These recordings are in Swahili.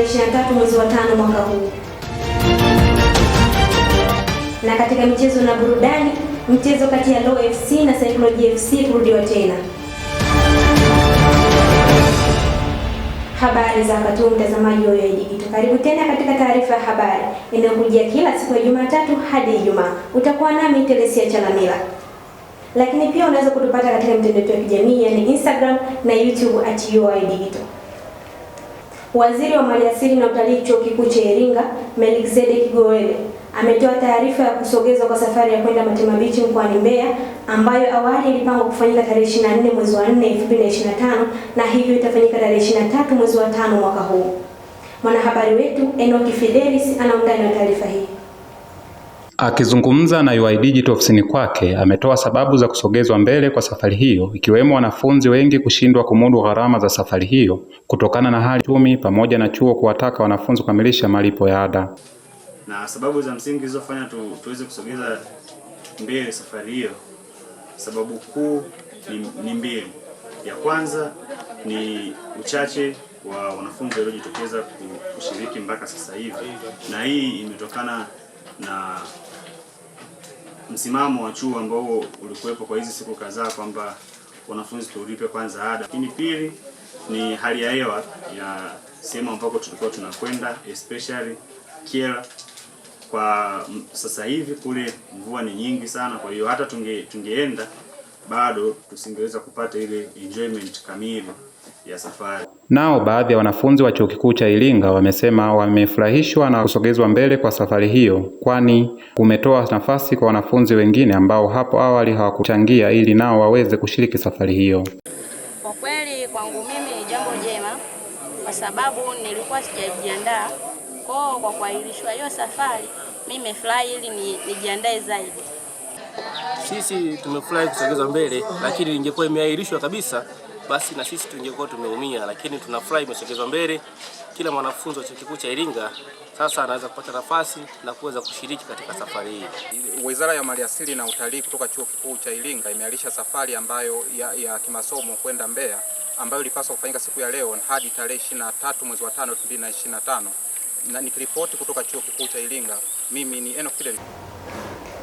tarehe 23 mwezi wa tano mwaka huu. Na katika michezo na burudani, mchezo kati ya Low FC na Saikolojia FC kurudiwa tena. Habari za wakati huu, mtazamaji wa UoI Digital, karibu tena katika taarifa ya habari inayokujia kila siku ya Jumatatu hadi Ijumaa. Utakuwa nami ya Chalamila, lakini pia unaweza kutupata katika mtandao wetu wa kijamii, yaani Instagram na YouTube at UoI Digital. Waziri wa Maliasili na Utalii Chuo Kikuu cha Iringa, Melkizedek Goele ametoa taarifa ya kusogezwa kwa safari ya kwenda Matema Beach mkoani Mbeya ambayo awali ilipangwa kufanyika tarehe 24 mwezi wa 4 2025 na hivyo itafanyika tarehe 23 mwezi wa 5 mwaka huu. Mwanahabari wetu Enoki Fidelis ana undani wa taarifa hii. Akizungumza na UoI Digital ofisini kwake, ametoa sababu za kusogezwa mbele kwa safari hiyo, ikiwemo wanafunzi wengi kushindwa kumudu gharama za safari hiyo kutokana na hali chumi, pamoja na chuo kuwataka wanafunzi kukamilisha malipo ya ada. Na sababu za msingi zilizofanya tu, tuweze kusogeza mbele safari hiyo, sababu kuu ni, ni mbili. Ya kwanza ni uchache wa wanafunzi waliojitokeza kushiriki mpaka sasa hivi, na hii imetokana na msimamo wa chuo ambao ulikuwepo kwa hizi siku kadhaa kwamba wanafunzi tulipe kwanza ada, lakini pili ni hali ya hewa ya sehemu ambako tulikuwa tunakwenda especially Kyela. Kwa sasa hivi kule mvua ni nyingi sana, kwa hiyo hata tunge, tungeenda bado tusingeweza kupata ile enjoyment kamili ya safari. Nao baadhi ya wanafunzi wa Chuo Kikuu cha Iringa wamesema wamefurahishwa na kusogezwa mbele kwa safari hiyo, kwani kumetoa nafasi kwa wanafunzi wengine ambao hapo awali hawakuchangia ili nao waweze kushiriki safari hiyo. Kwa kweli kwangu mimi jambo jema, kwa sababu nilikuwa sijajiandaa koo. Kwa kuahirishwa hiyo safari, mimi nimefurahi ili nijiandae zaidi. Sisi tumefurahi kusogezwa mbele, lakini ingekuwa imeahirishwa kabisa basi na sisi tungekuwa tumeumia, lakini tunafurahi imesogezwa mbele. Kila mwanafunzi wa chuo kikuu cha Iringa sasa anaweza kupata nafasi na kuweza kushiriki katika safari hii. Wizara ya Maliasili na Utalii kutoka chuo kikuu cha Iringa imealisha safari ambayo ya, ya kimasomo kwenda Mbeya ambayo ilipaswa kufanyika siku ya leo hadi tarehe 23 mwezi wa 5 2025. Na nikiripoti kutoka chuo kikuu cha Iringa, mimi ni Enoch Fidel.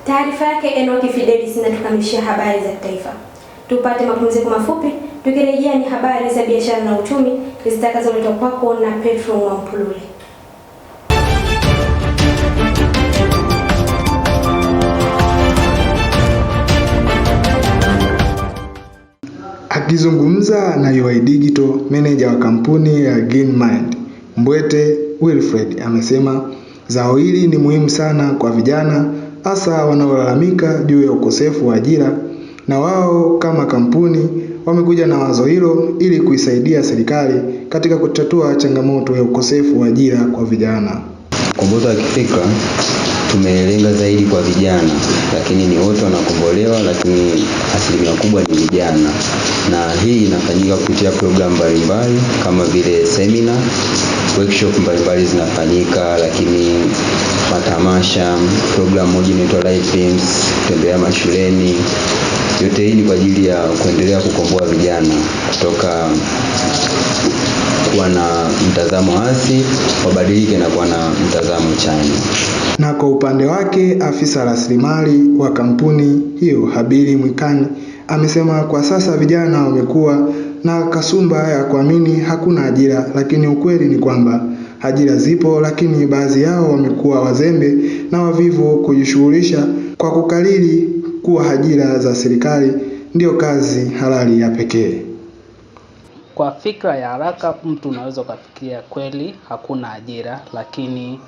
Taarifa yake Enoch Fidelis inatukamilishia habari za taifa. Tupate mapumziko mafupi, tukirejea ni habari za biashara na uchumi zitakazoletwa kwako na Petro Mwampulule. Akizungumza na UoI Digital, meneja wa kampuni ya Mind Mbwete Wilfred amesema zao hili ni muhimu sana kwa vijana hasa wanaolalamika juu ya ukosefu wa ajira na wao kama kampuni wamekuja na wazo hilo ili kuisaidia serikali katika kutatua changamoto ya ukosefu wa ajira kwa vijana. Ukombozi wa kifikra tumelenga zaidi kwa vijana, lakini ni wote wanakombolewa, lakini asilimia kubwa ni vijana, na hii inafanyika kupitia programu mbalimbali kama vile semina, workshop mbalimbali zinafanyika, lakini matamasha. Programu moja inaitwa Live Films, kutembea mashuleni yote hii ni kwa ajili ya kuendelea kukomboa vijana kutoka kuwa na mtazamo hasi wabadilike na kuwa na mtazamo chanya. Na kwa upande wake afisa rasilimali wa kampuni hiyo Habili Mwikani amesema kwa sasa vijana wamekuwa na kasumba ya kuamini hakuna ajira, lakini ukweli ni kwamba ajira zipo, lakini baadhi yao wamekuwa wazembe na wavivu kujishughulisha kwa kukalili kuwa ajira za serikali ndiyo kazi halali ya pekee. Kwa fikra ya haraka, mtu unaweza ukafikiria kweli hakuna ajira, lakini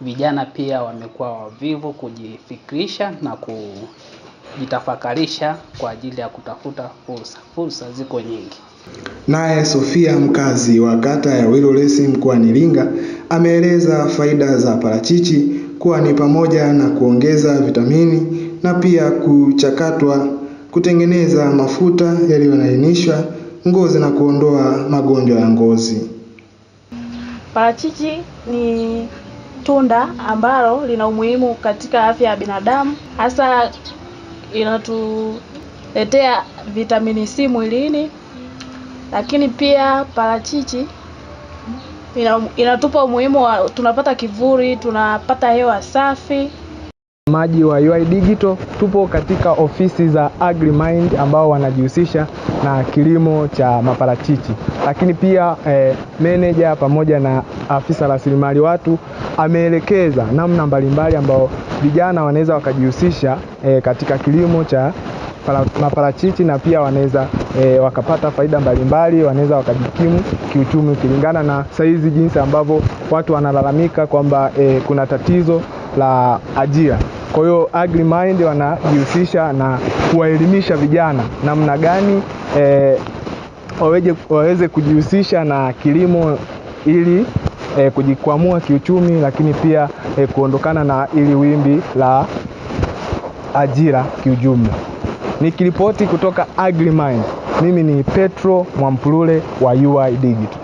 vijana pia wamekuwa wavivu kujifikirisha na kujitafakarisha kwa ajili ya kutafuta fursa. Fursa ziko nyingi. Naye Sofia, mkazi wa kata ya Wilolesi mkoani Iringa, ameeleza faida za parachichi kuwa ni pamoja na kuongeza vitamini, na pia kuchakatwa kutengeneza mafuta yaliyolainishwa ngozi na kuondoa magonjwa ya ngozi. Parachichi ni tunda ambalo lina umuhimu katika afya ya binadamu, hasa inatuletea vitamini C mwilini, lakini pia parachichi inatupa umuhimu wa tunapata kivuli, tunapata hewa safi. Maji wa UI Digital tupo katika ofisi za AgriMind ambao wanajihusisha na kilimo cha maparachichi, lakini pia eh, meneja pamoja na afisa rasilimali watu ameelekeza namna mbalimbali ambao vijana wanaweza wakajihusisha eh, katika kilimo cha maparachichi na pia wanaweza e, wakapata faida mbalimbali, wanaweza wakajikimu kiuchumi kulingana na saizi jinsi ambavyo watu wanalalamika kwamba e, kuna tatizo la ajira. Kwa hiyo Agri Mind wanajihusisha na kuwaelimisha vijana namna gani e, waweje, waweze kujihusisha na kilimo ili e, kujikwamua kiuchumi, lakini pia e, kuondokana na ili wimbi la ajira kiujumla. Nikiripoti kutoka Mind, mimi ni Petro Mwampulule wa UoI Digital.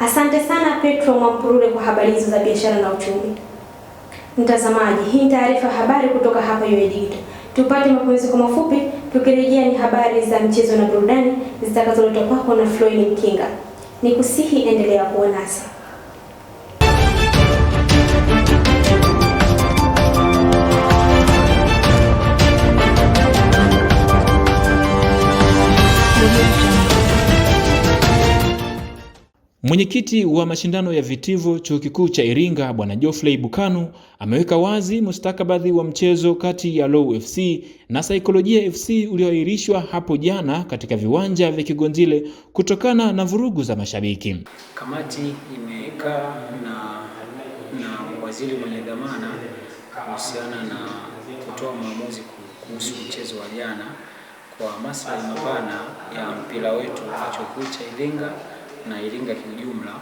Asante sana Petro Mwampulule kwa habari hizo za biashara na uchumi. Mtazamaji, hii taarifa habari kutoka hapa UoI Digital. Tupate mapumziko mafupi, tukirejea ni habari za mchezo na burudani zitakazoletwa kwako na Floyd Mkinga. Nikusihi endelea kuwa nasi. Mwenyekiti wa mashindano ya vitivo Chuo Kikuu cha Iringa Bwana Geoffrey Bukanu ameweka wazi mustakabali wa mchezo kati ya Low FC na Saikolojia FC ulioahirishwa hapo jana katika viwanja vya Kigonzile kutokana na vurugu za mashabiki. Kamati imekaa na, na waziri mwenye dhamana kuhusiana na kutoa maamuzi kuhusu mchezo wa jana kwa maslahi mapana ya mpira wetu wa Chuo Kikuu cha Iringa na Iringa kiujumla,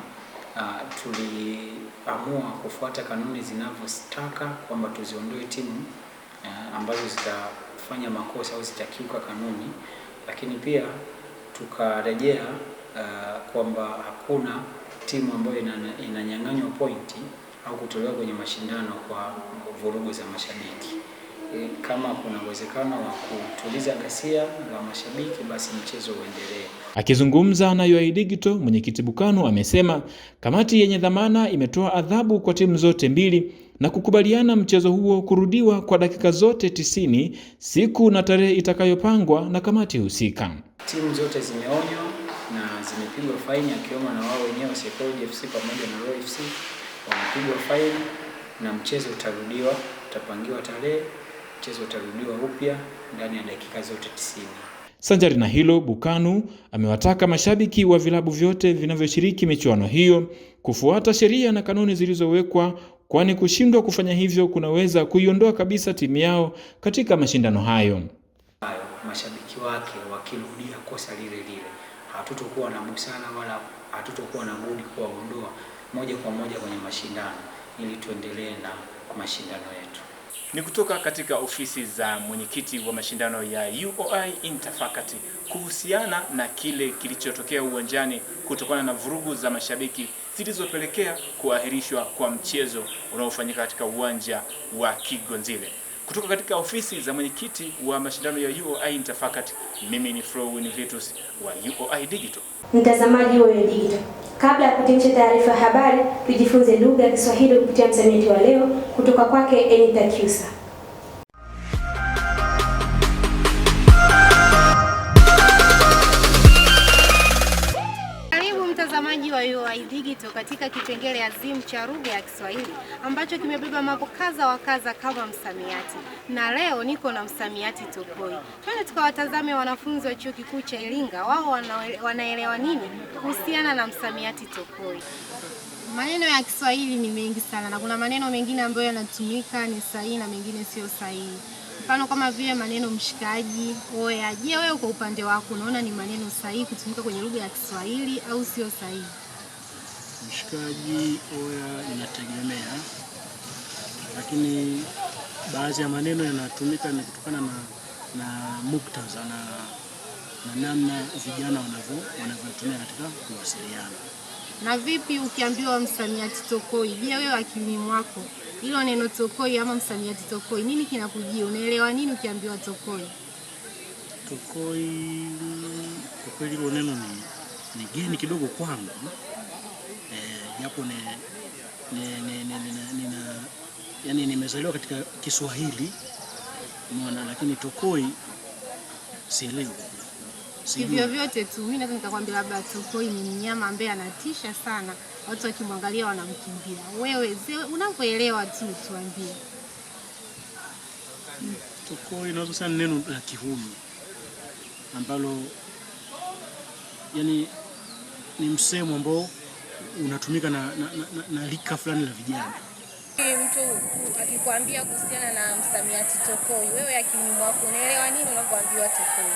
uh, tuliamua kufuata kanuni zinavyotaka kwamba tuziondoe timu uh, ambazo zitafanya makosa au zitakiuka kanuni, lakini pia tukarejea uh, kwamba hakuna timu ambayo inanyang'anywa pointi au kutolewa kwenye mashindano kwa vurugu za mashabiki. Eh, kama kuna uwezekano wa kutuliza ghasia za mashabiki basi mchezo uendelee. Akizungumza na UoI e Digital, mwenyekiti bukano amesema kamati yenye dhamana imetoa adhabu kwa timu zote mbili na kukubaliana mchezo huo kurudiwa kwa dakika zote tisini siku na tarehe itakayopangwa na kamati husika. Timu zote zimeonywa na zimepigwa faini, akiwemo na wao wenyewe Sekuruji FC pamoja na Royal FC wamepigwa faini na mchezo utarudiwa, utapangiwa tarehe mchezo utarudiwa upya ndani ya dakika zote tisini. Sanjari na hilo, Bukanu amewataka mashabiki wa vilabu vyote vinavyoshiriki michuano hiyo kufuata sheria na kanuni zilizowekwa kwani kushindwa kufanya hivyo kunaweza kuiondoa kabisa timu yao katika mashindano hayo. Hayo mashabiki wake wakirudia kosa lile lile, hatutokuwa na busara wala hatutokuwa na budi kuwaondoa moja kwa moja kwenye mashindano ili tuendelee na mashindano yetu ni kutoka katika ofisi za mwenyekiti wa mashindano ya UOI Interfaculty kuhusiana na kile kilichotokea uwanjani kutokana na vurugu za mashabiki zilizopelekea kuahirishwa kwa mchezo unaofanyika katika uwanja wa Kigonzile. Kutoka katika ofisi za mwenyekiti wa mashindano ya UOI Nitafakati, mimi ni Flowin Vitus wa UOI Digital. Mtazamaji wa UOI Digital, kabla ya kutimisha taarifa ya habari, tujifunze lugha ya Kiswahili kupitia msamiati wa leo kutoka kwake Enita Kyusa. mseto katika kipengele azimu cha lugha ya Kiswahili ambacho kimebeba mambo kadha wa kadha kama msamiati, na leo niko na msamiati tokoi. Twende tukawatazame wanafunzi wa chuo kikuu cha Iringa, wao wanaelewa nini kuhusiana na msamiati tokoi. Maneno ya Kiswahili ni mengi sana, na kuna maneno mengine ambayo yanatumika ni sahihi na mengine sio sahihi. Mfano kama vile maneno mshikaji, oya. Je, wewe kwa upande wako unaona ni maneno sahihi kutumika kwenye lugha ya Kiswahili au sio sahihi? mshikaji oya, inategemea, lakini baadhi ya maneno yanatumika ni kutokana na, na muktadha na, na namna vijana wanavyotumia katika kuwasiliana. Na vipi ukiambiwa msamiati tokoi? Je, wewe akilini mwako hilo neno tokoi ama msamiati tokoi nini kinakujia? Unaelewa nini ukiambiwa tokoi? Tokoi kwa kweli hilo neno ni, ni geni kidogo kwangu japo ni, ni, ni, ni, ni, ni, yani nimezaliwa katika Kiswahili mwana, lakini Tokoi sielewi Kivyo vyote tu, mimi naweza nikakwambia labda Tokoi ni mnyama ambaye anatisha sana, watu wakimwangalia wanamkimbia. Wewe unavyoelewa tu tuambie. Tokoi naweza kusema ni neno la Kihumi ambalo yani ni msemo ambao unatumika na, na, na, na lika fulani la vijana. Mtu akikwambia kuhusiana na msamiati tokoi, wewe akini mwako unaelewa nini unapoambiwa tokoi?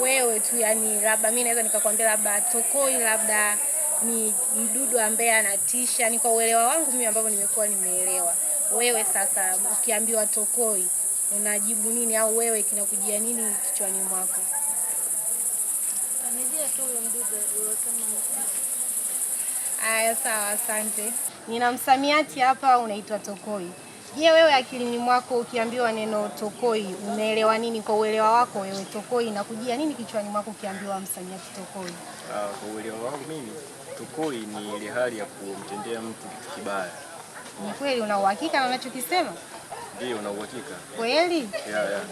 Wewe tu yani, labda mimi naweza nikakwambia labda tokoi labda ni mdudu ambaye anatisha, ni kwa uelewa wangu mimi ambavyo nimekuwa nimeelewa. Wewe sasa ukiambiwa tokoi unajibu nini, au wewe kinakujia nini kichwani mwako? Aya, sawa, asante. Nina msamiati hapa unaitwa tokoi. Je, wewe akilini mwako ukiambiwa neno tokoi unaelewa nini? Kwa uelewa wako wewe, tokoi inakujia nini kichwani mwako ukiambiwa msamiati tokoi? Uh, kwa uelewa wangu mimi tokoi ni ile hali ya kumtendea mtu kitu kibaya. Ni kweli? Una uhakika na unachokisema? Ndio, na uhakika. Kweli? Yeah, yeah.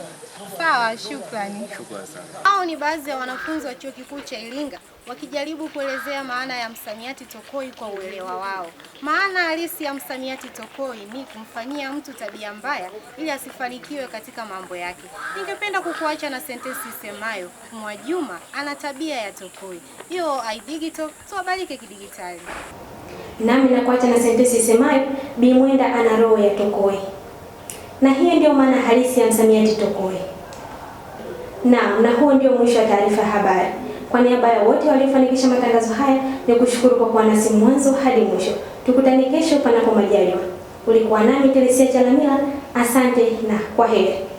Sawa, shukrani. Shukrani sana. Hao ni baadhi ya wanafunzi wa Chuo Kikuu cha Iringa wakijaribu kuelezea maana ya msamiati tokoi kwa uelewa wao. Maana halisi ya msamiati tokoi ni kumfanyia mtu tabia mbaya ili asifanikiwe katika mambo yake. Ningependa kukuacha na sentensi isemayo Mwajuma ana tabia ya tokoi. Hiyo idigital tuwabalike kidigitali. Nami nakuacha na sentensi isemayo Bimwenda ana roho ya tokoi na hiyo ndio maana halisi ya msamiati tokoe. Naam, na huo ndio mwisho wa taarifa ya habari. Kwa niaba ya wote waliofanikisha matangazo haya, ni kushukuru kwa kuwa nasi mwanzo hadi mwisho. Tukutane kesho, panapo majaliwa. Ulikuwa nami Telesia Chalamila, asante na kwa heri.